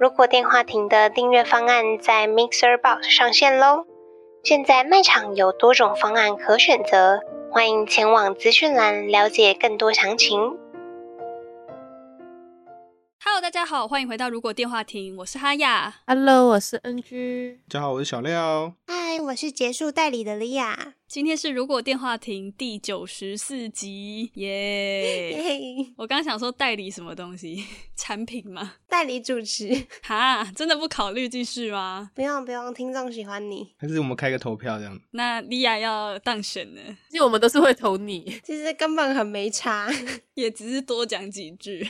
如果電話亭的訂閱方案在 Mixer Box 上線嘍！現在賣場有多種方案可選擇，歡迎前往資訊欄了解更多詳情。Hello，大家好，歡迎回到如果電話亭，我是哈亞。Hello，我是 NG。大家好，我是小廖。嗨，我是結束代理的利亞。今天是如果電話亭第九十四集耶！Yeah. Yeah. 我剛想說代理什麼東西？ 產品嗎？代理主持？哈，真的不考慮繼續嗎？不用不用，聽眾喜歡你，還是我們開個投票這樣？那利亞要當選呢，因為我們都是會投你。其實根本很沒差， 也只是多講幾句。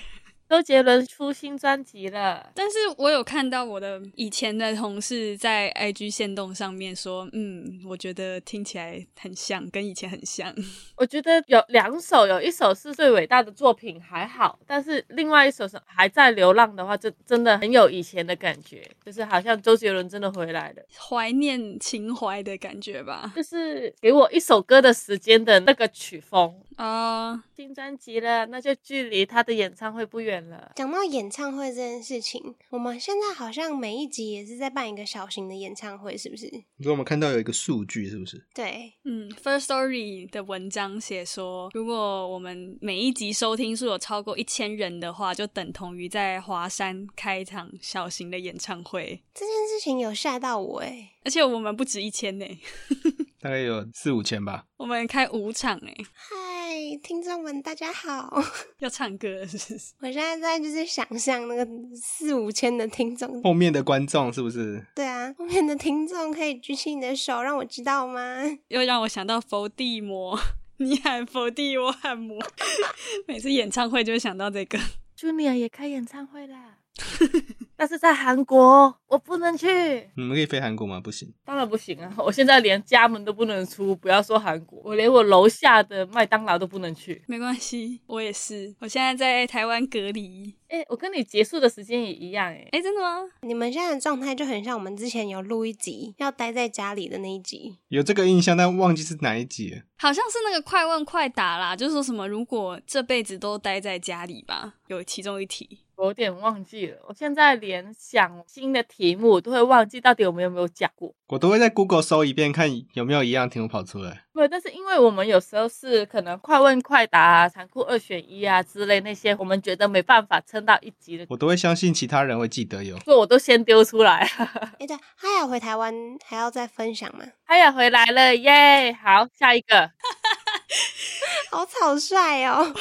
周杰倫出新專輯了，但是我有看到我的以前的同事在 IG 限動上面說，嗯，我覺得聽起來很像，跟以前很像。我覺得有兩首，有一首是最偉大的作品，還好，但是另外一首是還在流浪的話，就真的很有以前的感覺，就是好像周杰倫真的回來了，懷念情懷的感覺吧，就是給我一首歌的時間的那個曲風啊。Uh、新專輯了，那就距離他的演唱會不遠。講到演唱會這件事情，我們現在好像每一集也是在辦一個小型的演唱會，是不是？你說我們看到有一個數據，是不是？對，嗯，Firstory 的文章寫說，如果我們每一集收聽數有超過一千人的話，就等同於在華山開一場小型的演唱會。這件事情有嚇到我哎，而且我們不止一千呢， 大概有四五千吧。我們開五場哎。聽眾們，大家好！要唱歌了是是？我現在在就是想象那個四五千的聽眾，後面的觀眾是不是？對啊，後面的聽眾可以舉起你的手，讓我知道嗎？又讓我想到佛地魔，你喊佛地，我喊魔。 每次演唱會就會想到這個。Junior 也開演唱會啦。 但是在韓國，我不能去。你們可以飛韓國嗎？不行，當然不行啊！我現在連家門都不能出，不要說韓國，我連我樓下的麥當勞都不能去。沒關係，我也是，我現在在台灣隔離。哎、欸，我跟你結束的時間也一樣哎！哎、欸，真的嗎？你們現在的狀態就很像我們之前有錄一集要待在家裡的那一集。有這個印象，但忘記是哪一集。好像是那個快問快答啦，就是說什麼如果這輩子都待在家裡吧，有其中一題，我有點忘記了。我現在連想新的題目，我都會忘記到底我們有沒有講過。我都會在 Google 搜一遍，看有沒有一樣題目跑出來。對，但是因為我們有時候是可能快問快答、啊、殘酷二選一啊之類那些，我們覺得沒辦法撐到一集的，我都會相信其他人會記得有。所以我都先丟出來。哎， 欸、對，他要回台灣還要再分享嗎？他要回來了耶！Yeah! 好，下一個。 好草率哦，我沒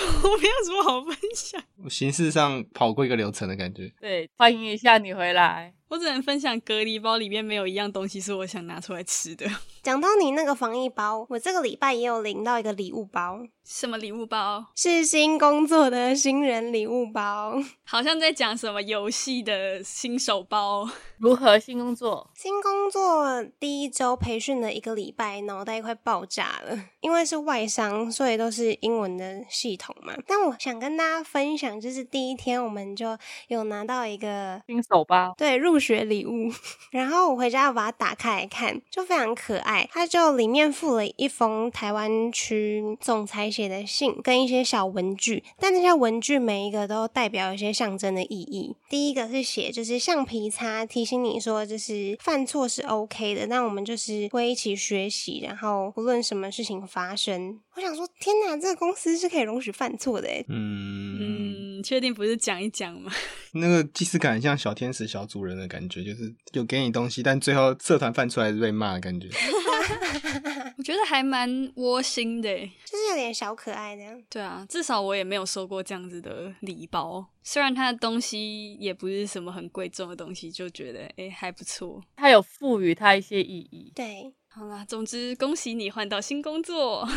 有什麼好分享。我形式上跑過一個流程的感覺。對，歡迎一下你回來。我只能分享隔離包裡面沒有一樣東西是我想拿出來吃的。講到你那個防疫包，我這個禮拜也有領到一個禮物包。什麼禮物包？是新工作的新人禮物包。好像在講什麼遊戲的新手包？如何？新工作？新工作第一周培訓了一個禮拜，腦袋快爆炸了，因為是外商，所以都是英文的系統嘛。但我想跟大家分享，就是第一天我們就有拿到一個新手包，對，入學禮物。 然後我回家要把它打開來看，就非常可愛。他就裡面附了一封台灣區總裁寫的信，跟一些小文具，但這些文具每一個都代表一些象徵的意義。第一個是寫，就是橡皮擦，提醒你說就是犯錯是 OK 的，那我們就是會一起學習，然後不論什麼事情發生。我想說，天哪，這個公司是可以容許犯錯的，哎，嗯，嗯、確定不是講一講嗎？那個即使感像小天使、小主人的感覺，就是有給你東西，但最後社團犯出來是被罵的感覺， 我覺得還蠻窩心的，就是有點小可愛的。對啊，至少我也沒有收過這樣子的禮包，雖然他的東西也不是什麼很貴重的東西，就覺得哎、欸、還不錯，他有賦予他一些意義。對，好啦，總之恭喜你換到新工作。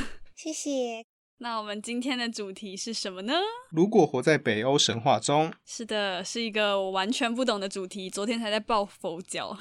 謝謝。那我們今天的主題是什麼呢？如果活在北歐神話中，是的，是一個我完全不懂的主題。昨天還在抱佛腳。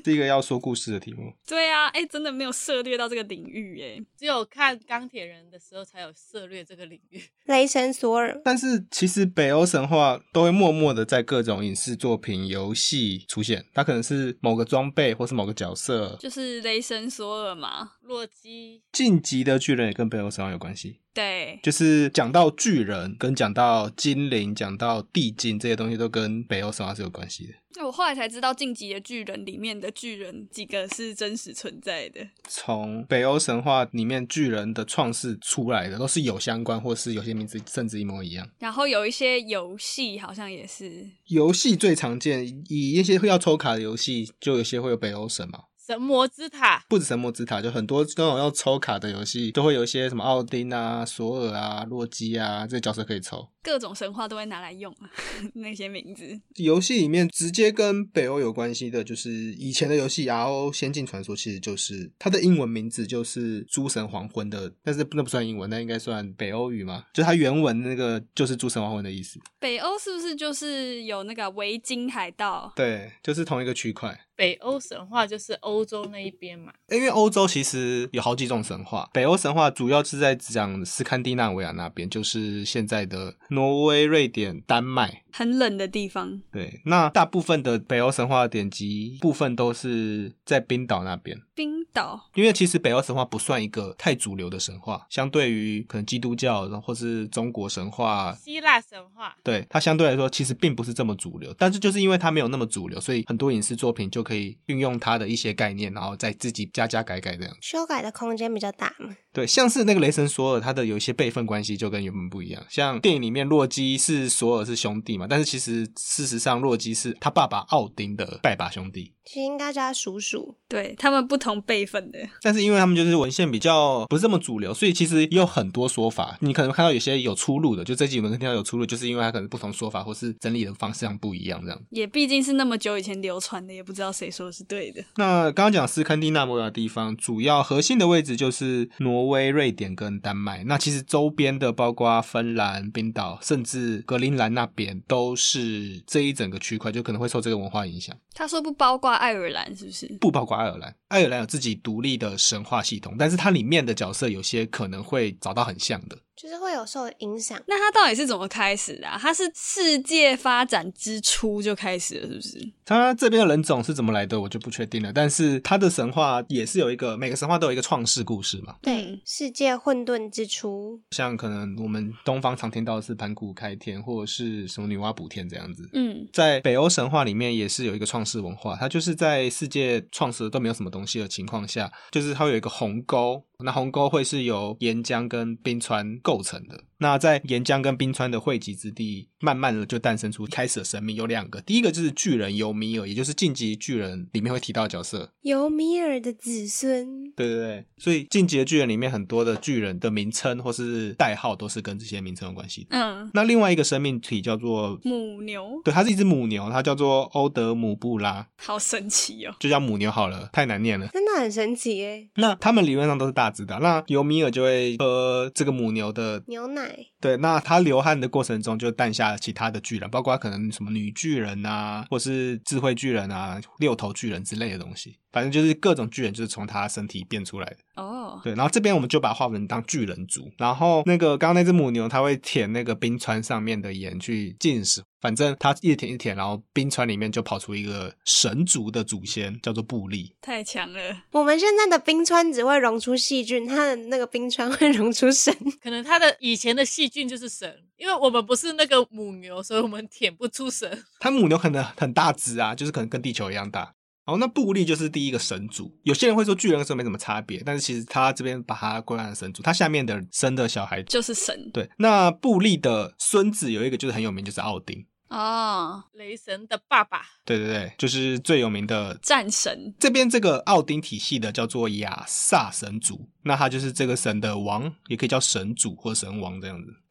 第一個要說故事的題目，對啊，哎、欸，真的沒有涉獵到這個領域、欸，哎，只有看鋼鐵人的時候才有涉獵這個領域，雷神索爾。但是其實北歐神話都會默默的在各種影視作品、遊戲出現，它可能是某個裝備或是某個角色，就是雷神索爾嘛，洛基。進擊的巨人也跟北歐神話有關係。對，就是講到巨人，跟講到精靈，講到地精這些東西，都跟北歐神話是有關係的。那我後來才知道，進擊的巨人裡面的巨人幾個是真實存在的。從北歐神話裡面，巨人的創世出來的都是有相關，或是有些名字甚至一模一樣。然後有一些遊戲好像也是，遊戲最常見，以一些會要抽卡的遊戲，就有些會有北歐神嘛。神魔之塔，不止神魔之塔，就很多那種要抽卡的遊戲，都會有一些什麼奧丁啊、索爾啊、洛基啊，這些角色可以抽。各種神話都會拿來用啊， 那些名字。遊戲裡面直接跟北歐有關係的，就是以前的遊戲《RO》《仙境傳說》，其實就是它的英文名字就是《諸神黃昏》的，但是那不算英文，那應該算北歐語嘛？就它原文那個就是《諸神黃昏》的意思。北歐是不是就是有那個維京海盜？對，就是同一個區塊。北歐神話就是歐洲那一邊嘛、欸？因為歐洲其實有好幾種神話，北歐神話主要是在講斯堪的納維亞那邊，就是現在的。挪威、瑞典、丹麥，很冷的地方。對，那大部分的北歐神話典籍部分都是在冰島那邊。冰島，因為其實北歐神話不算一個太主流的神話，相對於可能基督教，然後或是中國神話、希臘神話，對它相對來說其實並不是這麼主流。但是就是因為它沒有那麼主流，所以很多影視作品就可以運用它的一些概念，然後再自己加加改改這樣，修改的空間比較大嘛。對，像是那個雷神索爾，他的有一些輩分關係就跟原本不一樣。像電影裡面，洛基是索爾是兄弟嘛，但是其實事實上，洛基是他爸爸奧丁的拜把兄弟，其實應該叫他叔叔。對，他們不同輩分的，但是因為他們就是文獻比較不是這麼主流，所以其實也有很多說法，你可能看到有些有出入的，就這集可能聽到有出入，就是因為他可能不同說法或是整理的方式上不一樣這樣。也畢竟是那麼久以前流傳的，也不知道誰說的是對的。那剛剛講斯堪的納摩爾的地方，主要核心的位置就是挪。微瑞典跟丹麥，那其實周邊的包括芬蘭、冰島，甚至格陵蘭那邊，都是這一整個區塊，就可能會受這個文化影響。他說不包括愛爾蘭，是不是？不包括愛爾蘭。愛爾蘭有自己獨立的神話系統，但是它裡面的角色有些可能會找到很像的，就是會有受影響。那它到底是怎麼開始的啊？它是世界發展之初就開始了，是不是？它這邊的人種是怎麼來的，我就不確定了。但是它的神話也是有一個，每個神話都有一個創世故事嘛。對，世界混沌之初，像可能我們東方常聽到的是盤古開天，或者是什麼女媧補天這樣子。嗯，在北歐神話裡面也是有一個創世文化，它就是在世界創世都沒有什麼東西，東西的情況下，就是它有一個鴻溝。那鴻溝會是由岩漿跟冰川構成的。那在岩漿跟冰川的匯集之地，慢慢的就誕生出開始的生命有兩個。第一個就是巨人尤米爾，也就是進擊巨人裡面會提到的角色尤米爾的子孫。對對對，所以進擊的巨人裡面很多的巨人的名稱或是代號都是跟這些名稱有關係的。嗯，那另外一個生命體叫做母牛。對，它是一隻母牛，它叫做歐德姆布拉。好神奇哦！就叫母牛好了，太難念了，真的很神奇耶、欸。那他們理論上都是大。那尤米爾就會喝這個母牛的牛奶。對，那他流汗的過程中就誕下了其他的巨人，包括可能什麼女巨人啊，或是智慧巨人啊，六頭巨人之類的東西，反正就是各種巨人就是從他身體變出來的。哦，oh. 對，然後這邊我們就把它劃分當巨人族。然後那個剛剛那隻母牛，它會舔那個冰川上面的鹽去進食，反正它一舔一舔，然後冰川裡面就跑出一個神族的祖先，叫做布利。太強了！我們現在的冰川只會融出細菌，它的那個冰川會融出神，可能它的以前的細菌。就是神，因為我們不是那個母牛，所以我們舔不出神。 他母牛可能很大隻啊，就是可能跟地球一樣大。後、oh, 那布利就是第一個神族。有些人會說巨人和神沒什麼差別，但是其實他這邊把他歸為神族。他下面的生的小孩就是神。對，那布利的孫子有一個就是很有名，就是奧丁哦，oh, 雷神的爸爸。對對對，就是最有名的戰神。這邊這個奧丁體系的叫做亞薩神族，那他就是這個神的王，也可以叫神主或神王這樣子。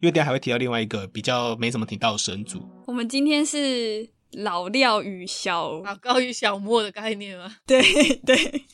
因為這還會提到另外一個比較沒怎麼提到的神族。我們今天是老廖與小老高與小莫的概念嗎？對對。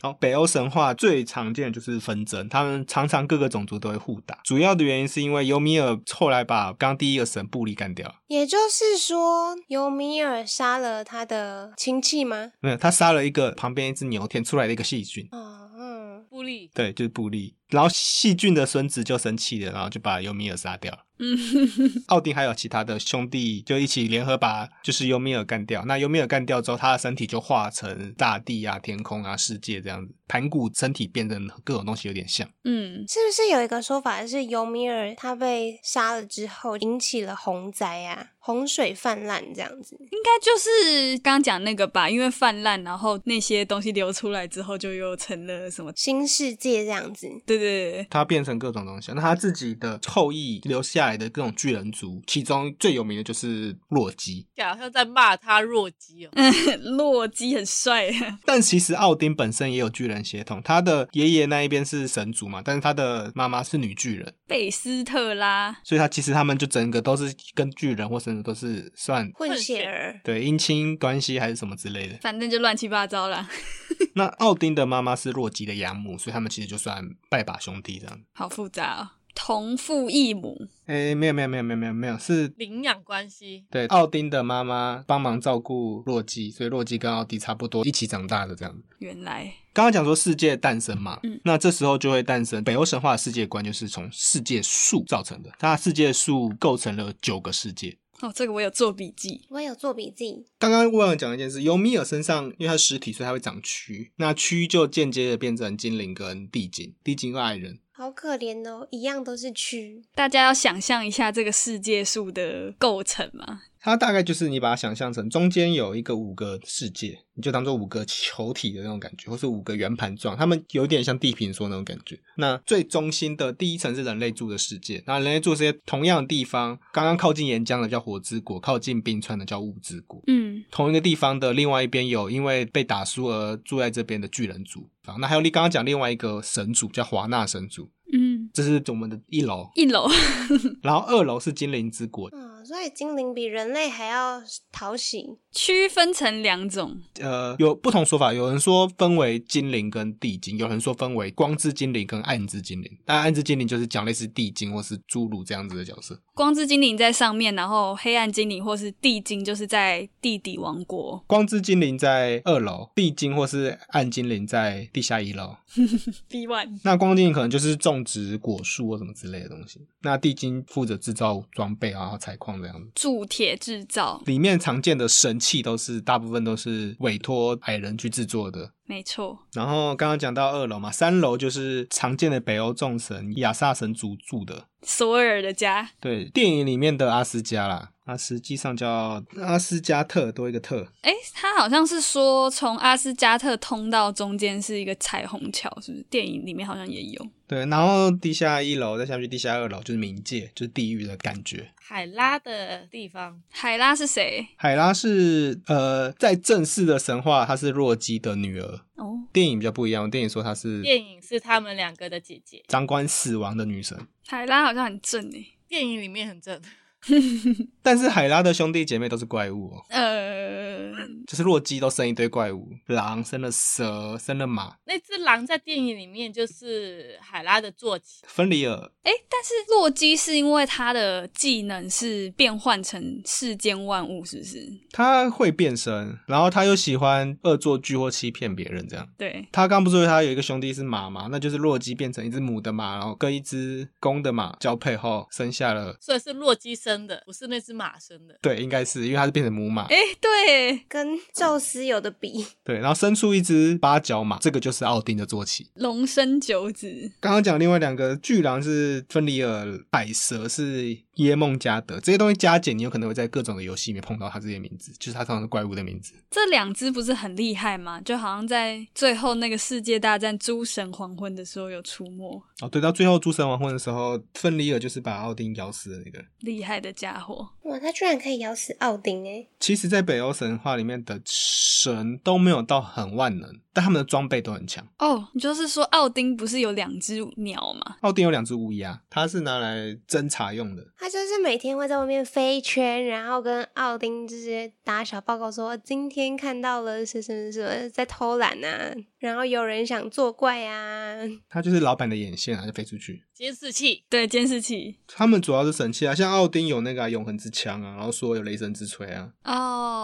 好，北歐神話最常見的就是紛爭，他們常常各個種族都會互打。主要的原因是因為尤米爾後來把剛第一個神布利幹掉了。也就是說，尤米爾殺了他的親戚嗎？沒有、嗯，他殺了一個旁邊一隻牛舔出來的一個細菌。啊嗯，布利。對，就是布利。然後細菌的孫子就生氣了，然後就把尤米爾殺掉了。嗯， 奧丁還有其他的兄弟就一起聯合把就是尤米爾幹掉。那尤米爾幹掉之後，他的身體就化成大地啊、天空啊、世界這樣子。盤古身體變成各種東西有點像。嗯，是不是有一個說法是尤米爾他被殺了之後引起了洪災啊？洪水氾濫這樣子？應該就是剛剛講那個吧？因為氾濫，然後那些東西流出來之後，就又成了什麼新世界這樣子。對。對，他變成各種東西。那他自己的後裔留下來的各種巨人族，其中最有名的就是洛基。對，好像在罵他弱雞哦。嗯，洛基很帥啊。但其實奧丁本身也有巨人血統，他的爺爺那一邊是神族嘛，但是他的媽媽是女巨人貝斯特拉，所以他其實他們就整個都是跟巨人或神族都是算混血兒。對，姻親關係還是什麼之類的，反正就亂七八糟啦。 那奧丁的媽媽是洛基的養母，所以他們其實就算拜把。大兄弟這樣，好複雜哦。同父異母，哎、欸，沒有沒有沒有沒有沒有是領養關係。對，奧丁的媽媽幫忙照顧洛基，所以洛基跟奧丁差不多一起長大的這樣。原來剛剛講說世界誕生嘛，嗯，那這時候就會誕生北歐神話的世界觀，就是從世界樹造成的。它的世界樹構成了九個世界。哦，這個我有做筆記，我有做筆記。剛剛我有講一件事，尤米爾身上，因為它屍體，所以它會長蛆。那蛆就間接的變成精靈跟地精，地精又愛人，好可憐哦，一樣都是蛆。大家要想象一下這個世界樹的構成嘛。它大概就是你把它想象成中間有一個五個世界，你就當做五個球體的那種感覺，或是五個圓盤狀，它們有點像地平說那種感覺。那最中心的第一層是人類住的世界，然後人類住這些同樣的地方，剛剛靠近岩漿的叫火之國，靠近冰川的叫霧之國。嗯，同一個地方的另外一邊有因為被打輸而住在這邊的巨人族，啊，那還有你剛剛講另外一個神族叫華納神族。嗯，這是我們的一樓。一樓樓， 然後二樓是精靈之國。所以精靈比人類還要討喜，區分成兩種，呃，有不同說法。有人說分為精靈跟地精，有人說分為光之精靈跟暗之精靈。當然，暗之精靈就是講類似地精或是侏儒這樣子的角色。光之精靈在上面，然後黑暗精靈或是地精就是在地底王國。光之精靈在二樓，地精或是暗精靈在地下一樓。 B one，1 那光精靈可能就是種植果樹或什麼之類的東西。那地精負責製造裝備啊，採礦。鑄鐵製造，裡面常見的神器，都是大部分都是委託矮人去製作的。沒錯，然後剛剛講到二樓嘛，三樓就是常見的北歐眾神亞薩神族住的，索爾的家。對，電影裡面的阿斯加啦，它實際上叫阿斯加特，多一個特。哎，他好像是說從阿斯加特通道中間是一個彩虹橋，是不是？電影裡面好像也有。對，然後地下一樓再下去，地下二樓就是冥界，就是地獄的感覺，海拉的地方。海拉是誰？海拉是呃，在正式的神話，她是洛基的女兒。哦，電影比較不一樣。電影說她是、哦、電影是他們兩個的姐姐，掌管死亡的女神。海拉好像很正誒、欸，電影裡面很正。 但是海拉的兄弟姐妹都是怪物，喔，呃，就是洛基都生一堆怪物，狼生了蛇，生了馬。那隻狼在電影裡面就是海拉的坐騎芬里爾。哎、欸，但是洛基是因為他的技能是變換成世間萬物，是不是？他會變身，然後他又喜歡惡作劇或欺騙別人，這樣。對，他剛不是說他有一個兄弟是馬嘛？那就是洛基變成一隻母的馬，然後跟一隻公的馬交配後生下了，所以是洛基生。生的不是那隻馬生的，對，應該是因為它是變成母馬。哎、欸，對，跟宙斯有的比。對，然後生出一隻八角馬，這個就是奧丁的坐騎。龍生九子，剛剛講另外兩個巨狼是芬里爾，海蛇是耶夢加德，這些東西加減，你有可能會在各種的遊戲裡面碰到它這些名字，就是它通常是怪物的名字。這兩隻不是很厲害嗎？就好像在最後那個世界大戰諸神黃昏的時候有出沒。哦，對，到最後諸神黃昏的時候，芬里爾就是把奧丁咬死的那個，厲害的家伙，哇！他居然可以咬死奧丁欸。其實，在北歐神話裡面的神都沒有到很萬能，但他們的裝備都很強哦。Oh, 你就是說，奧丁不是有兩隻鳥嗎？奧丁有兩只烏鴉，它是拿來偵察用的。它就是每天會在外面飛一圈，然後跟奧丁這些打小報告說，說今天看到了誰誰誰，是什麼在偷懶啊！」然後有人想作怪啊，他就是老闆的眼線啊，就飛出去監視器，對，監視器。他們主要是神器啊，像奧丁有那個、啊、永恆之槍啊，然後說有雷神之錘啊。哦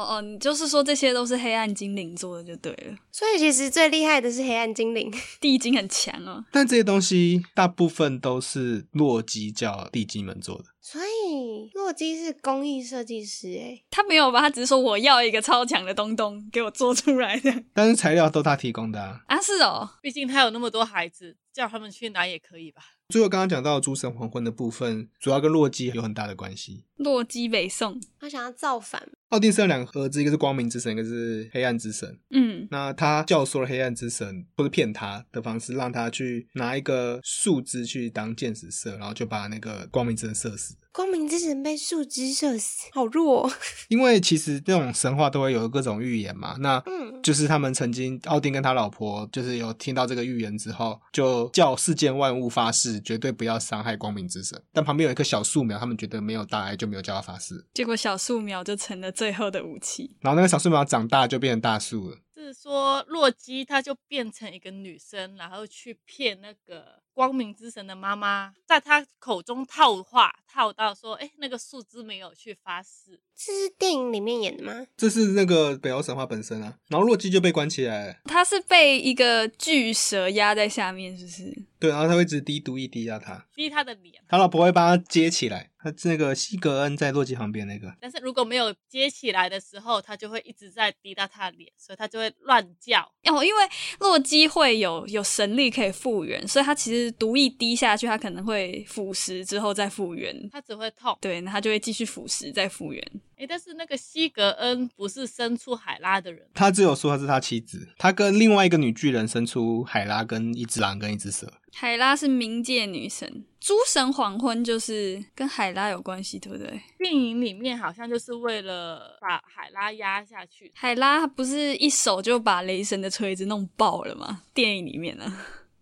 哦，你就是說這些都是黑暗精靈做的就對了。所以其實最厲害的是黑暗精靈， 地精很強哦、啊。但這些東西大部分都是洛基叫地精們做的。所以洛基是工藝設計師，誒，他沒有吧？他只是說我要一個超強的東東給我做出來的 但是材料都他提供的啊，啊，是哦，畢竟他有那麼多孩子，叫他們去拿也可以吧。最後剛剛講到諸神黃昏的部分，主要跟洛基有很大的關係。洛基北宋，他想要造反。奧丁生了兩個兒子，一個是光明之神，一個是黑暗之神。嗯，那他教唆了黑暗之神，或是騙他的方式，讓他去拿一個樹枝去當箭矢射，然後就把那個光明之神射死。光明之神被樹枝射死，好弱哦。因為其實這種神話都會有各種預言嘛。那嗯，就是他們曾經奧丁跟他老婆，就是有聽到這個預言之後，就叫世間萬物發誓，絕對不要傷害光明之神。但旁邊有一棵小樹苗，他們覺得沒有大礙，就沒有叫他發誓。結果小樹苗就成了最後的武器。然後那個小樹苗長大就變成大樹了。就是說，洛基他就變成一個女生，然後去騙那個。光明之神的媽媽在他口中套話，套到說：“哎、欸，那個樹枝沒有去發誓。”這是電影裡面演的嗎？這是那個北歐神話本身啊。然後洛基就被關起來了，他是被一個巨蛇壓在下面，是、就、不是？對，然後他會一直滴毒液滴到他，滴他的臉。他老婆會幫他接起來。他那個西格恩在洛基旁邊那個。但是如果沒有接起來的時候，他就會一直在滴到他的臉，所以他就會亂叫。哦，因為洛基會有有神力可以復原，所以他其實毒液滴下去，他可能會腐蝕之後再復原。他只會痛，對，那他就會繼續腐蝕再復原。哎，但是那個西格恩不是生出海拉的人，他只有說他是他妻子，他跟另外一個女巨人生出海拉，跟一隻狼跟一隻蛇。海拉是冥界女神，諸神黃昏就是跟海拉有關係，對不對？電影裡面好像就是為了把海拉壓下去。海拉不是一手就把雷神的錘子弄爆了嗎？電影裡面呢？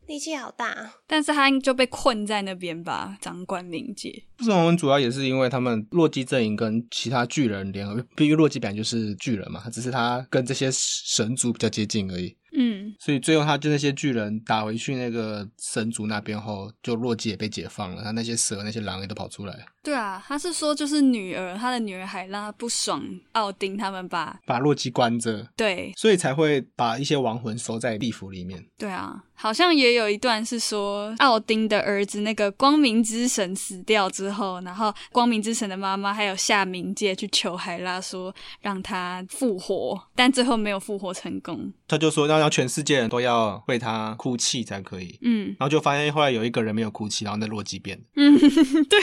力氣好大，但是他就被困在那邊吧，掌管冥界。不是我們主要也是因為他們洛基陣營跟其他巨人聯合，因為洛基本來就是巨人嘛，他只是他跟這些神族比較接近而已。嗯，所以最後他就那些巨人打回去那個神族那邊後，就洛基也被解放了。他那些蛇、那些狼也都跑出來。對啊，他是說就是女兒，他的女兒海拉不爽奧丁他們把把洛基關着，對，所以才會把一些亡魂收在地府裡面。對啊，好像也有一段是說奧丁的兒子那個光明之神死掉之後，然後光明之神的媽媽還有下冥界去求海拉說讓他復活，但最後沒有復活成功。他就說讓。然後全世界人都要為他哭泣才可以，嗯，然後就發現後來有一個人沒有哭泣，然後那洛基變了。嗯，對，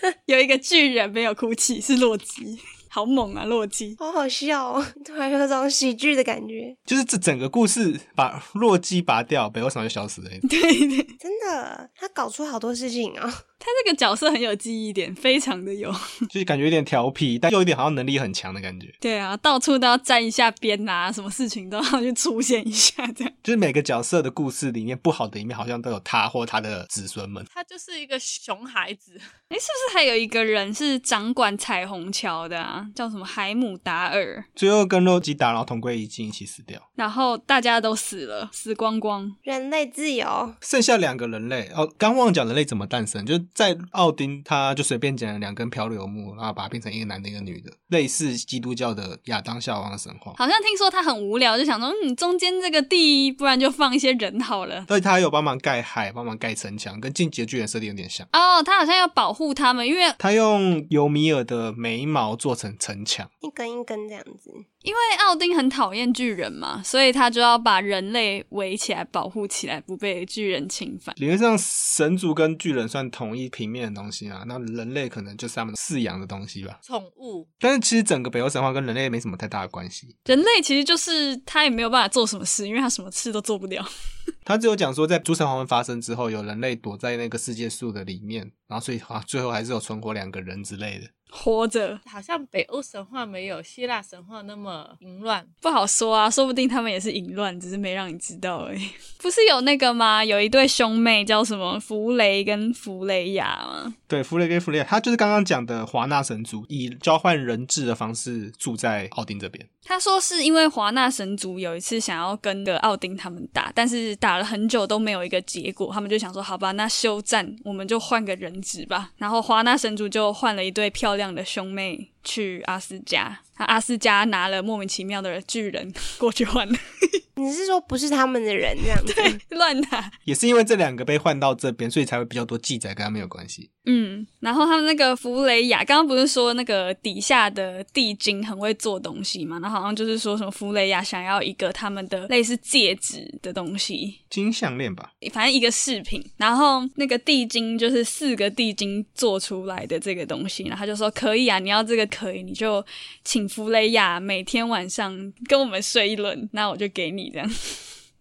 有一個巨人沒有哭泣，是洛基，好猛啊！洛基，好好笑，哦，突然有種喜劇的感覺，就是這整個故事把洛基拔掉，北歐神話就消失了。對對，真的，他搞出好多事情啊。哦。他這個角色很有記憶點，非常的有，就是感覺有點調皮，但又有點好像能力很強的感覺。對啊，到處都要沾一下邊吶、啊，什麼事情都要去出現一下，這樣。就是每個角色的故事裡面，不好的一面好像都有他或他的子孫們。他就是一個熊孩子。誒、欸，是不是還有一個人是掌管彩虹橋的，啊？叫什麼海姆達爾？最後跟洛基打，然後同歸於盡，一起死掉。然後大家都死了，死光光，人類自由。剩下兩個人類哦，剛忘講人類怎麼誕生，就是。在奧丁，他就隨便撿了兩根漂流木，然後把它變成一個男的，一個女的，類似基督教的亞當夏娃的神話。好像聽說他很無聊，就想說，嗯，中間這個地，不然就放一些人好了。所以，他有幫忙蓋海，幫忙蓋城牆，跟進擊的巨人設定有點像。哦，oh, 他好像要保護他們，因為他用尤米爾的眉毛做成城牆，一根一根這樣子。因為奧丁很討厭巨人嘛，所以他就要把人類圍起來，保護起來，不被巨人侵犯。理論上，神族跟巨人算同一平面的東西啊，那人類可能就是他們飼養的東西吧，寵物。但是其實整個北歐神話跟人類沒什麼太大的關係。人類其實就是他也沒有辦法做什麼事，因為他什麼事都做不了。 他只有講說，在諸神黃昏發生之後，有人類躲在那個世界樹的裡面，然後所以啊最後還是有存活兩個人之類的。活着，好像北歐神話沒有希臘神話那麼淫亂，不好說啊，說不定他們也是淫亂，只是沒讓你知道而已、欸。 不是有那個嗎？有一對兄妹叫什麼弗雷跟弗雷雅嗎？對，弗雷跟弗雷，他就是剛剛講的華納神族，以交換人質的方式住在奧丁這邊。他說是因為華納神族有一次想要跟個奧丁他們打，但是打了很久都沒有一個結果，他們就想說好吧，那休戰，我們就換個人質吧。然後華納神族就換了一對漂亮的兄妹去阿斯加，他阿斯加拿了莫名其妙的巨人過去換了。 你是說不是他們的人這樣 對，亂打。也是因為這兩個被換到這邊，所以才會比較多記載，跟他沒有關係。嗯，然後他們那個弗雷雅，剛剛不是說那個底下的地精很會做東西嘛？那好像就是說什麼弗雷雅想要一個他們的類似戒指的東西，金項鏈吧，反正一個飾品。然後那個地精就是四個地精做出來的這個東西，然後他就說可以啊，你要這個可以，你就請弗雷雅每天晚上跟我們睡一輪，那我就給你。這樣，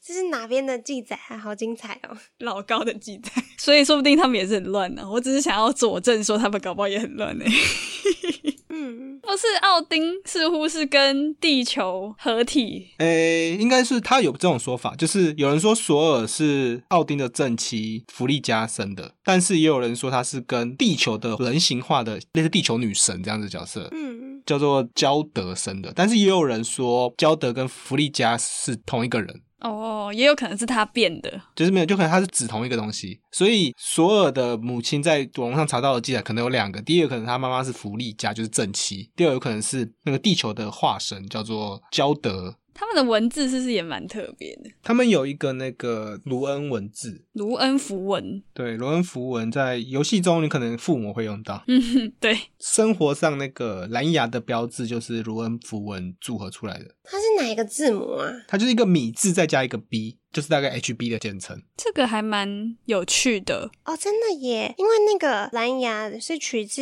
這是哪邊的記載啊？好精彩哦，老高的記載，所以說不定他們也是很亂呢、啊。我只是想要佐證，說他們搞不好也很亂的、欸。 嗯，不、哦、是，奧丁似乎是跟地球合體。誒、欸，應該是他有這種說法，就是有人說索爾是奧丁的正妻弗利加生的，但是也有人說他是跟地球的人形化的類似地球女神這樣子的角色，嗯，叫做焦德生的，但是也有人說焦德跟弗利加是同一個人。哦，也有可能是他變的，就是沒有，就可能他是指同一個東西。所以，索爾的母親在網絡上查到的記載可能有兩個。第一個可能他媽媽是福利家，就是正妻。第二有可能是那個地球的化身，叫做焦德。他們的文字，是不是也蠻特別的？他們有一個那個盧恩文字，盧恩符文。對，盧恩符文在遊戲中你可能附魔會用到。嗯哼，對，生活上那個藍牙的標誌就是盧恩符文組合出來的。它是哪一個字母啊？它就是一個米字再加一個 B。就是大概 H B 的簡稱，這個還蠻有趣的哦，oh, 真的耶！因為那個藍牙是取自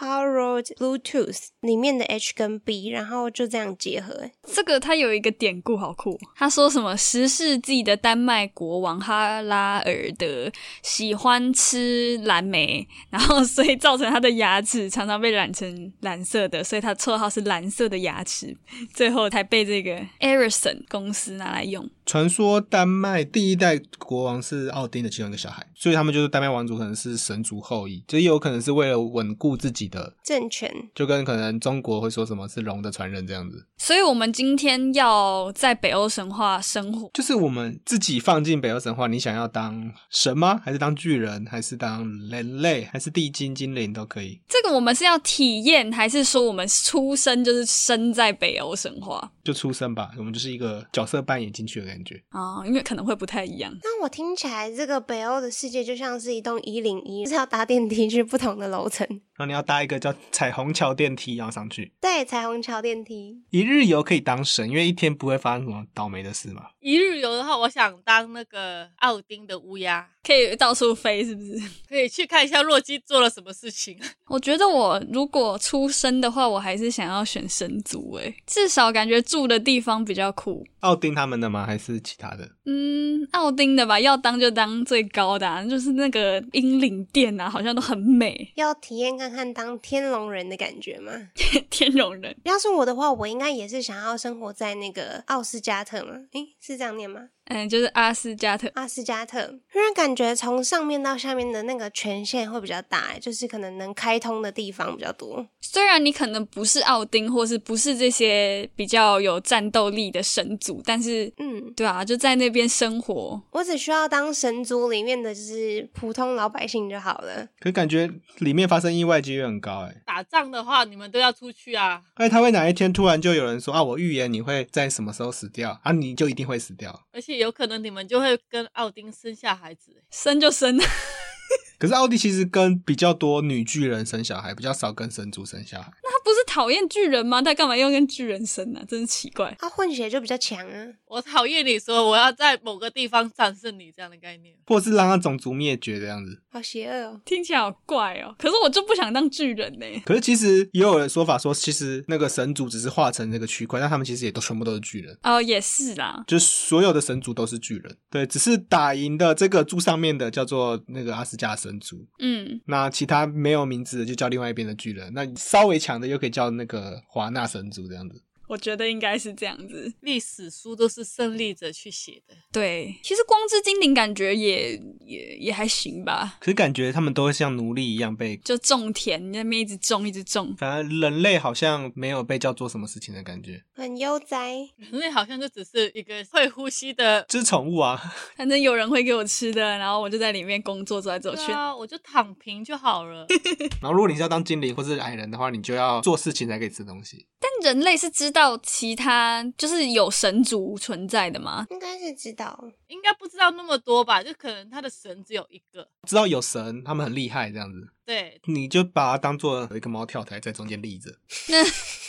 Harald Bluetooth 裡面的 H 跟 B，然後就這樣結合。這個他有一個典故，好酷！他說什麼，十世紀的丹麥國王哈拉爾德喜歡吃藍莓，然後所以造成他的牙齒常常被染成藍色的，所以他綽號是藍色的牙齒。最後才被這個 Ericsson 公司拿來用。傳說丹。丹麥第一代國王是奧丁的其中一個小孩，所以他們就是丹麥王族，可能是神族後裔，所以有可能是為了穩固自己的政權，就跟可能中國會說什麼是龍的傳人這樣子。所以我們今天要在北歐神話生活，就是我們自己放進北歐神話，你想要當神嗎？還是當巨人，還是當人類，還是地精，精、精靈都可以？這個我們是要體驗，還是說我們出生就是生在北歐神話？就出生吧，我們就是一個角色扮演進去的感覺啊、哦，因可能會不太一樣。那我聽起來，這個北歐的世界就像是一棟一零一，就是要搭電梯去不同的樓層。那你要搭一個叫彩虹橋電梯要上去。 對，彩虹橋電梯。一日遊可以當神，因為一天不會發生什麼倒霉的事嘛。一日遊的話，我想當那個奧丁的烏鴉。可以到處飛，是不是？可以去看一下洛基做了什麼事情。 我覺得我如果出生的話，我還是想要選神族誒，至少感覺住的地方比較酷。奧丁他們的嗎？還是其他的？嗯，奧丁的吧。要當就當最高的，啊，就是那個英靈殿啊，好像都很美。要體驗看看當天龍人的感覺嗎？ 天龍人，要是我的話，我應該也是想要生活在那個奧斯加特嘛。誒、欸，是這樣念嗎？嗯，就是阿斯加特。阿斯加特，突然感覺從上面到下面的那個權限會比較大，就是可能能開通的地方比較多。雖然你可能不是奧丁，或是不是這些比較有戰鬥力的神族，但是，嗯，對啊，就在那邊生活，我只需要當神族裡面的就是普通老百姓就好了。可感覺裡面發生意外機率很高，哎。打仗的話，你們都要出去啊。哎，他會哪一天突然就有人說啊，我預言你會在什麼時候死掉啊，你就一定會死掉。而且。有可能你們就會跟奧丁生下孩子、欸，生就生、啊。 可是奧丁其實跟比較多女巨人生小孩，比較少跟神族生小孩。那他不是討厭巨人嗎？他幹嘛要跟巨人生呢、啊？真是奇怪。他混血就比較強啊。我討厭你說我要在某個地方戰勝你這樣的概念，或者是讓那種族滅絕的樣子，好邪惡哦、喔，聽起來好怪哦、喔。可是我就不想當巨人呢、欸。可是其實也有人說法說，其實那個神族只是化成那個區塊，但他們其實也都全部都是巨人。哦，也是啦，就所有的神族都是巨人，對，只是打贏的這個柱上面的叫做那個阿斯加德，神族，嗯，那其他沒有名字的就叫另外一邊的巨人，那稍微強的又可以叫那個華納神族這樣子。我覺得應該是這樣子，歷史書都是勝利者去寫的。對，其實光之精靈感覺也也也還行吧，可是感覺他們都會像奴隸一樣被就種田，在那邊一直種一直種。反正人類好像沒有被叫做什麼事情的感覺，很悠哉。人類好像就只是一個會呼吸的，就是寵物啊。 反正有人會給我吃的，然後我就在裡面工作走來走去，對啊，我就躺平就好了。 然後如果你是要當精靈或是矮人的話，你就要做事情才可以吃東西。但人類是知道，知道其他就是有神族存在的嗎？應該是知道，應該不知道那麼多吧。就可能他的神只有一個，知道有神，他們很厲害這樣子。對，你就把它當做有一個貓跳台在中間立着。那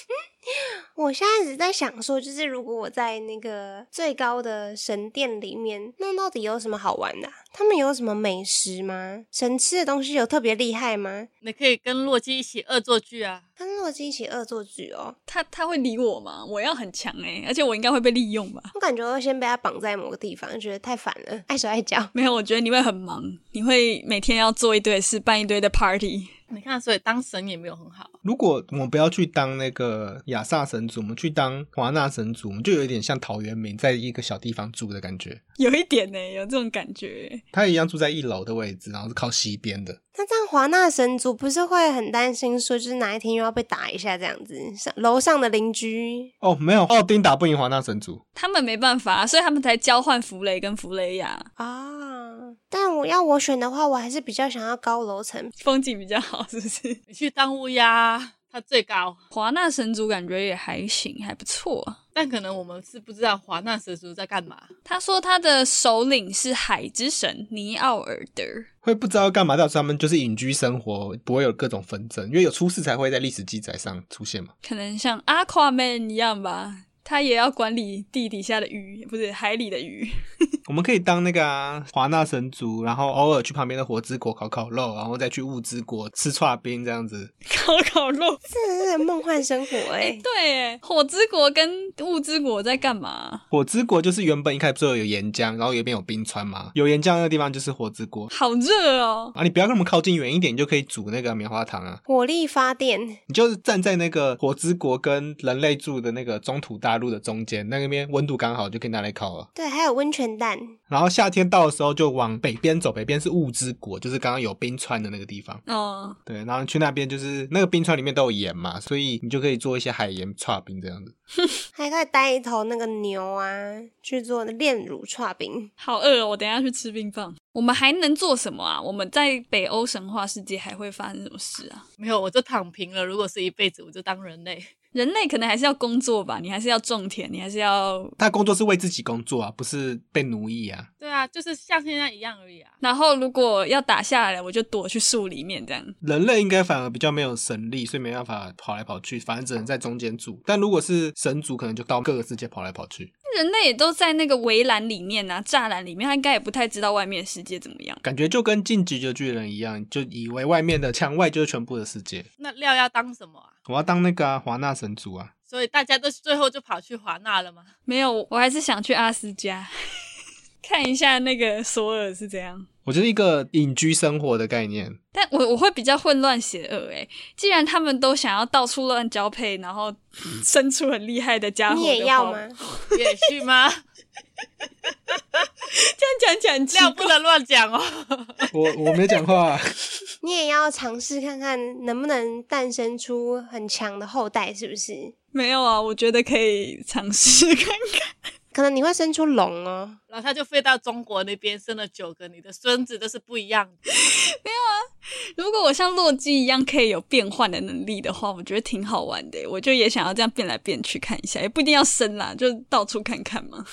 我現在一直在想說，就是如果我在那個最高的神殿裡面，那到底有什麼好玩的啊？他們有什麼美食嗎？神吃的東西有特別厲害嗎？你可以跟洛基一起惡作劇啊，跟洛基一起惡作劇哦。他他會理我嗎？我要很強欸，而且我應該會被利用吧？我感覺我會先被他綁在某個地方，就覺得太煩了，礙手礙腳。沒有，我覺得你會很忙，你會每天要做一堆事，辦一堆的 party。你看，所以當神也沒有很好。如果我們不要去當那個亞薩神族，我們去當華納神族，我們就有一點像陶淵明在一個小地方住的感覺。有一點呢，有這種感覺。他也一樣住在一樓的位置，然後是靠西邊的。那這樣華納神族不是會很擔心說，就是哪一天又要被打一下這樣子，樓上的鄰居。哦，沒有，奧丁打不贏華納神族，他們沒辦法，所以他們才交換弗雷跟弗雷雅。啊，但我要我選的話，我還是比較想要高樓層，風景比較好。哦、是不是，你去當烏鴉，他最高。華納神族感覺也還行，還不錯，但可能我們是不知道華納神族在幹嘛。他說他的首領是海之神尼奧爾德，會不知道幹嘛？到時候他們就是隱居生活，不會有各種紛爭，因為有出事才會在歷史記載上出現嘛。可能像阿誇曼一樣吧。他也要管理地底下的魚，不是海裡的魚。 我們可以當那個啊，華納神族，然後偶爾去旁邊的火之國烤烤肉，然後再去霧之國吃剉冰這樣子。烤烤肉，真的是夢幻生活哎！對，火之國跟霧之國在幹嘛？火之國就是原本一開始是有岩漿，然後一邊有冰川嘛，有岩漿那個地方就是火之國，好熱哦！啊，你不要跟我們靠近，遠一點你就可以煮那個棉花糖啊！火力發電，你就是站在那個火之國跟人類住的那個中土大路的中間，那個邊溫度剛好就可以拿來烤了。對，還有溫泉蛋。然後夏天到的時候就往北邊走，北邊是霧之國，就是剛剛有冰川的那個地方。哦，對，然後去那邊就是那個冰川裡面都有鹽嘛，所以你就可以做一些海鹽剉冰這樣子。哼， 還可以帶一頭那個牛啊去做煉乳剉冰，好餓，哦，我等一下去吃冰棒。我們還能做什麼啊？我們在北歐神話世界還會發生什麼事啊？沒有，我就躺平了。如果是一輩子，我就當人類。人類可能還是要工作吧？你還是要種田，你還是要……他工作是為自己工作啊，不是被奴役啊。對啊，就是像現在一樣而已啊。然後如果要打下來，我就躲去樹裡面這樣。人類應該反而比較沒有神力，所以沒辦法跑來跑去，反正只能在中間住。但如果是……神族可能就到各個世界跑來跑去，人類也都在那個圍欄裡面啊，柵欄裡面，他應該也不太知道外面的世界怎麼樣。感覺就跟《進擊的巨人》一樣，就以為外面的牆外就是全部的世界。那廖要當什麼啊？我要當那個啊、華納神族啊！所以大家都最後就跑去華納了嗎？沒有，我還是想去阿斯加。看一下那個索爾是怎樣？我覺得一個隱居生活的概念，但我我會比較混亂邪惡。哎，既然他們都想要到處亂交配，然後生出很厲害的傢伙的，你也要嗎？ 也去嗎？ 這樣講講，這樣不能亂講哦。 我我沒講話。 你也要嘗試看看能不能誕生出很強的後代，是不是？沒有啊，我覺得可以嘗試看看。可能你會生出龍哦啊，然後他就飛到中國那邊生了九個，你的孫子都是不一樣的。 沒有啊，如果我像洛基一樣可以有變換的能力的話，我覺得挺好玩的。我就也想要這樣變來變去，看一下，也不一定要生啦，就到處看看嘛。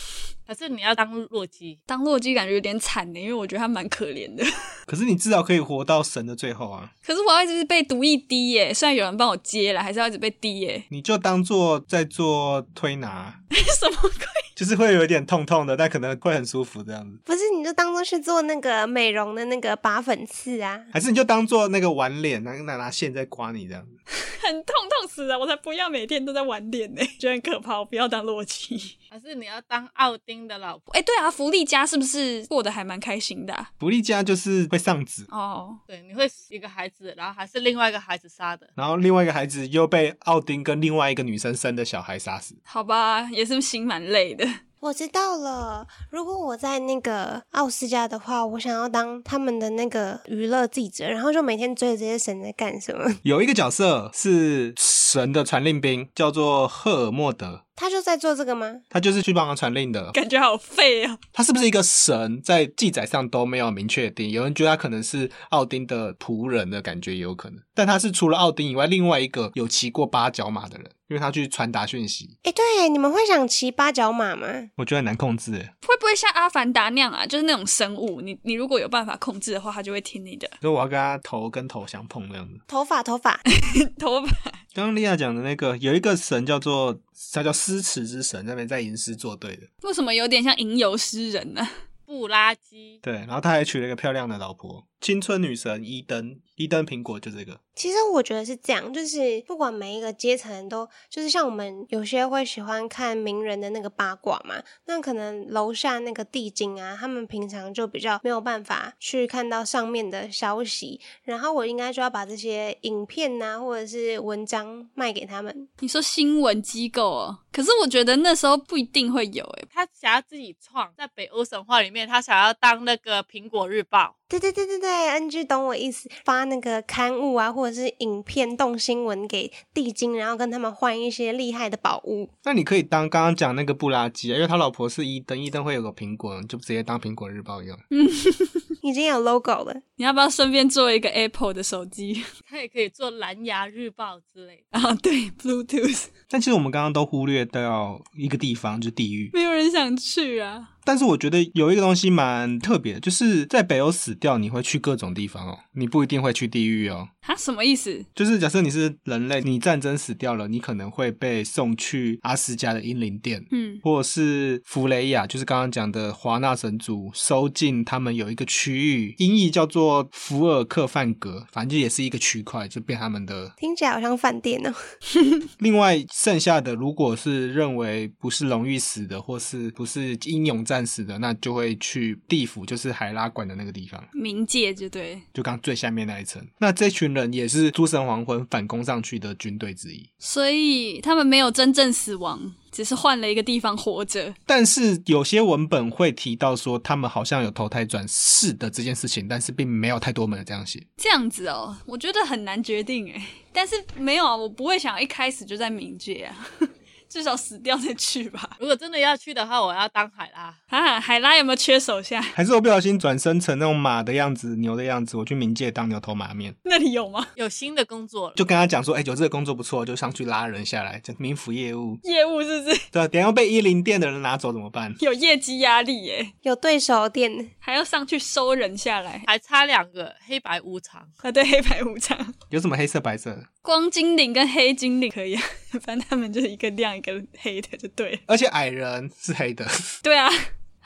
還是你要當洛基，當洛基感覺有點慘的，因為我覺得他蠻可憐的。可是你至少可以活到神的最後啊！可是我要一直被毒一滴耶，雖然有人幫我接了，還是要一直被滴耶。你就當做在做推拿， 什麼鬼？就是會有一點痛痛的，但可能會很舒服這樣子。不是，你就當做是做那個美容的那個拔粉刺啊，還是你就當做那個挽臉，拿拿拿線在刮你這樣。 很痛，痛死了。我才不要每天都在晚點呢，覺得很可怕。我不要當洛基，還是你要當奧丁的老婆？哎、欸，對啊，弗麗嘉是不是過得還蠻開心的？啊？弗麗嘉就是會上子哦，oh. 對，你會死一個孩子，然後還是另外一個孩子殺的，然後另外一個孩子又被奧丁跟另外一個女生生的小孩殺死。好吧，也是心蠻累的。我知道了。如果我在那個奧斯加的話，我想要當他們的那個娛樂記者，然後就每天追着這些神在幹什麼。有一個角色是神的傳令兵，叫做赫爾墨德。他就在做這個嗎？他就是去幫忙傳令的感覺好、啊，好廢哦。他是不是一個神？在記載上都沒有明確定。有人覺得他可能是奧丁的僕人的感覺，也有可能，但他是除了奧丁以外另外一個有騎過八腳馬的人，因為他去傳達訊息。誒、欸，對，你們會想騎八腳馬嗎？我覺得很難控制，會不會像阿凡達那樣啊？就是那種生物，你你如果有辦法控制的話，他就會聽你的。所以我要跟他頭跟頭相碰那樣子，頭髮頭髮 頭髮髮。剛剛莉亞講的那個，有一個神叫做。他叫詩詞之神，那邊在吟詩作對的，為什麼有點像吟遊詩人呢，啊？不垃圾。對，然後他還娶了一個漂亮的老婆。青春女神伊登，伊登蘋果就這個。其實我覺得是這樣，就是不管每一個階層都，就是像我們有些會喜歡看名人的那個八卦嘛。那可能樓下那個地精啊，他們平常就比較沒有辦法去看到上面的消息。然後我應該就要把這些影片啊，或者是文章賣給他們。你說新聞機構哦。可是我覺得那時候不一定會有誒，他想要自己創，在北歐神話裡面，他想要當那個蘋果日報。對對對對對，NG 懂我意思，發那個刊物啊，或者是影片動新聞給地精，然後跟他們換一些厲害的寶物。那你可以當剛剛講那個布拉吉啊，因為他老婆是伊登，伊登會有個蘋果，你就直接當蘋果日報用。嗯， 已經有 logo 了，你要不要順便做一個 Apple 的手機？他也可以做藍牙日報之類的啊，對，Bluetooth。但其實我們剛剛都忽略了，都要一個地方，就是地獄，沒有人想去啊。但是我覺得有一個東西蠻特別的，就是在北歐死掉，你會去各種地方哦，你不一定會去地獄哦。他什麼意思？就是假設你是人類，你戰爭死掉了，你可能會被送去阿斯加的英靈殿，嗯，或者是弗雷亞，就是剛剛講的華納神族收進，他們有一個區域，音譯叫做福爾克范格，反正也是一個區塊，就變他們的。聽起來好像飯店哦。 另外剩下的，如果是認為不是榮譽死的，或是不是英勇戰。戰死的，那就會去地府，就是海拉管的那個地方，冥界就對，就剛最下面那一層。那這群人也是諸神黃昏反攻上去的軍隊之一，所以他們沒有真正死亡，只是換了一個地方活着。但是有些文本會提到說，他們好像有投胎轉世的這件事情，但是並沒有太多人這樣寫。這樣子哦，我覺得很難決定誒，但是沒有啊，我不會想要一開始就在冥界啊。 至少死掉再去吧。如果真的要去的話，我要當海拉哈、啊，海拉有沒有缺手下？還是我不小心轉身成那種馬的樣子、牛的樣子，我去冥界當牛頭馬面？那裡有嗎？有新的工作了，就跟他講說，哎、欸，有這個工作不錯，就上去拉人下來，這冥府業務，業務是不是？對啊，等下要被一零店的人拿走怎麼辦？有業績壓力耶，有對手店，還要上去收人下來，還差兩個黑白無常，快、啊、對，黑白無常有什麼黑色、白色？光精靈跟黑精靈可以。啊。反正他們就是一個亮一個黑的，就對。而且矮人是黑的。 對啊。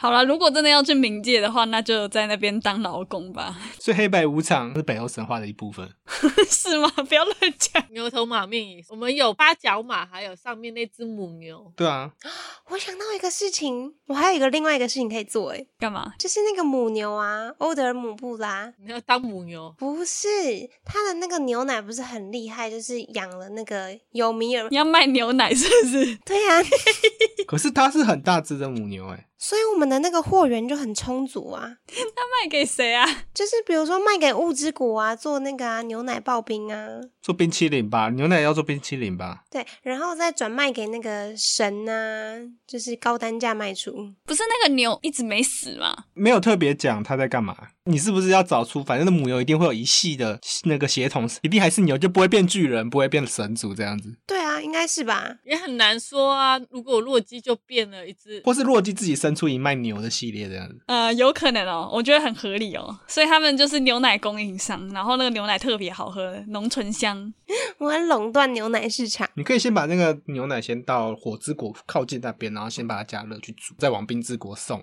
好啦，如果真的要去冥界的話，那就在那邊當勞工吧。所以黑白無常是北歐神話的一部分， 是嗎？不要亂講。牛頭馬面，我們有八角馬，還有上面那隻母牛。對啊，我想到一個事情，我還有一個另外一個事情可以做，哎，幹嘛？就是那個母牛啊，歐德爾姆布拉，你要當母牛？不是，他的那個牛奶不是很厲害？就是養了那個尤米爾，你要賣牛奶是不是？對啊， 可是它是很大隻的母牛，哎。所以我們的那個貨源就很充足啊。那賣給誰啊？就是比如說賣給物資谷啊，做那個啊牛奶刨冰啊，做冰淇淋吧，牛奶要做冰淇淋吧。對，然後再轉賣給那個神啊，就是高單價賣出。不是那個牛一直沒死嗎？沒有特別講他在幹嘛。你是不是要找出，反正那母牛一定會有一系的那個血統，一定還是牛，就不會變巨人，不會變神族這樣子。對啊，應該是吧？也很難說啊。如果洛基就變了一隻，或是洛基自己生出一脈牛的系列這樣子。呃，有可能哦，我覺得很合理哦。所以他們就是牛奶供應商，然後那個牛奶特別好喝，濃醇香，我很壟斷牛奶市場。你可以先把那個牛奶先到火之國靠近那邊，然後先把它加熱去煮，再往冰之國送，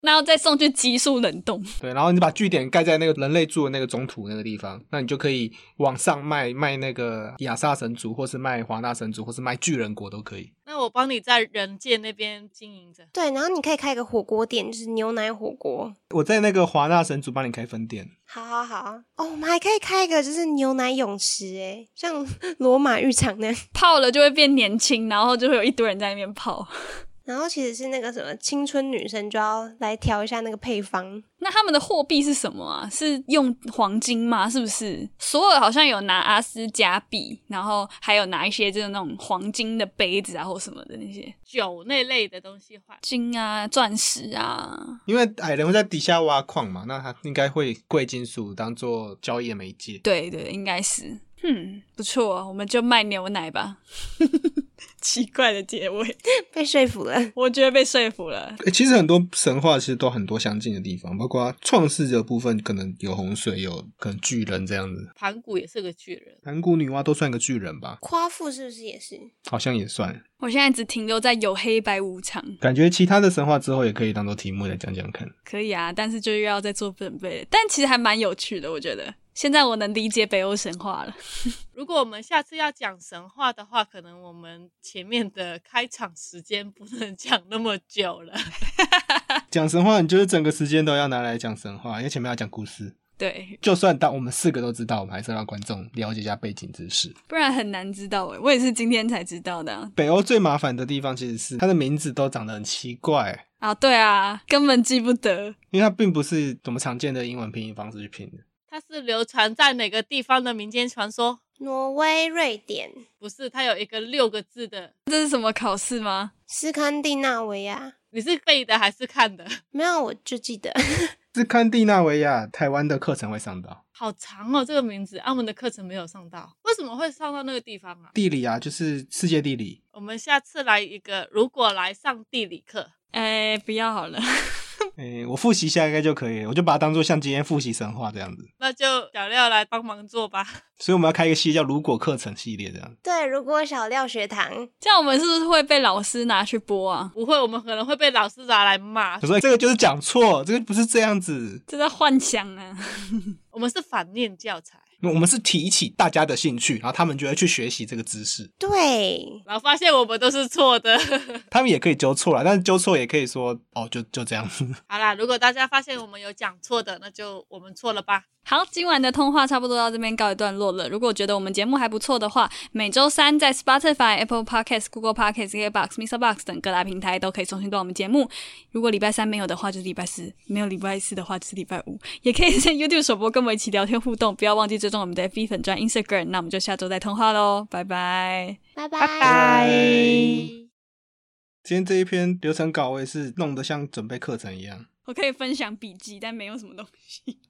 然後再送去極速冷凍。對，然後你把據點蓋在那個人類住的那個中土那個地方，那你就可以往上賣賣那個亞薩神族，或是賣華納神族，或是賣巨人國都可以。那我幫你在人界那邊經營着。對，然後你可以開一個火鍋店，就是牛奶火鍋。我在那個華納神族幫你開分店。好好好。哦、oh，我們還可以開一個，就是牛奶泳池，誒，像羅馬浴場那樣，泡了就會變年輕，然後就會有一堆人在那邊泡。然後其實是那個什麼青春女神就要來調一下那個配方。那他們的貨幣是什麼啊？是用黃金嗎？是不是？索爾好像有拿阿斯加幣，然後還有拿一些就是那種黃金的杯子啊，或什麼的，那些酒那類的東西，黃金啊、鑽石啊。因為矮、哎、人會在底下挖礦嘛，那他應該會貴金屬當做交易的媒介。對對，應該是。嗯，不錯，我們就賣牛奶吧。 奇怪的結尾，被說服了，我覺得被說服了。哎、欸，其實很多神話其實都很多相近的地方，包括創世者部分，可能有洪水，有可能巨人這樣子。盤古也是個巨人，盤古、女媧都算個巨人吧？夸父是不是也是？好像也算。我現在只停留在有黑白無常，感覺其他的神話之後也可以當做題目來講講看。可以啊，但是就又要再做準備。但其實還蠻有趣的，我覺得。現在我能理解北歐神話了。 如果我們下次要講神話的話，可能我們前面的開場時間不能講那麼久了。哈哈哈，講神話，你就是整個時間都要拿來講神話？因為前面要講故事。對。就算當我們四個都知道，我們還是要讓觀眾了解一下背景知識，不然很難知道誒。我也是今天才知道的。北歐最麻煩的地方其實是它的名字都長得很奇怪啊！對啊，根本記不得，因為它並不是怎麼常見的英文拼音方式去拼的。它是流傳在哪個地方的民間傳說？挪威、瑞典。不是，它有一個六個字的。這是什麼考試嗎？是斯堪地納維亞。你是背的還是看的？沒有，我就記得是斯堪地納維亞。台灣的課程會上到。好長哦，這個名字。澳門的課程沒有上到，為什麼會上到那個地方啊？地理啊，就是世界地理。我們下次來一個，如果來上地理課，哎、欸，不要好了。哎，我複習一下應該就可以了，我就把它當做像今天複習神話這樣子。那就小廖來幫忙做吧。所以我們要開一個系列叫“如果課程系列”這樣。對，如果小廖學堂，這樣我們是不是會被老師拿去播啊？不會，我們可能會被老師拿來罵。所以這個就是講錯，這個不是這樣子。這叫幻想啊， 我們是反面教材。我們是提起大家的興趣，然後他們就會去學習這個知識。對，然後發現我們都是錯的。 他們也可以糾錯啦，但是糾錯也可以說哦，就就這樣子。 好啦，如果大家發現我們有講錯的，那就我們錯了吧。好，今晚的通話差不多到這邊告一段落了。如果覺得我們節目還不錯的話，每週三在 Spotify、Apple Podcasts、Google Podcasts、KKBOX、MixerBox 等各大平台都可以收聽到我們節目。如果禮拜三沒有的話，就是禮拜四，沒有禮拜四的話就是禮拜五，也可以在 YouTube 首播，跟我們一起聊天互動。不要忘記這中我們的粉專 Instagram，那我們就下周再通話嘍，拜拜拜拜拜！今天這一篇流程稿，我也是弄得像準備課程一樣。我可以分享筆記，但沒有什麼東西。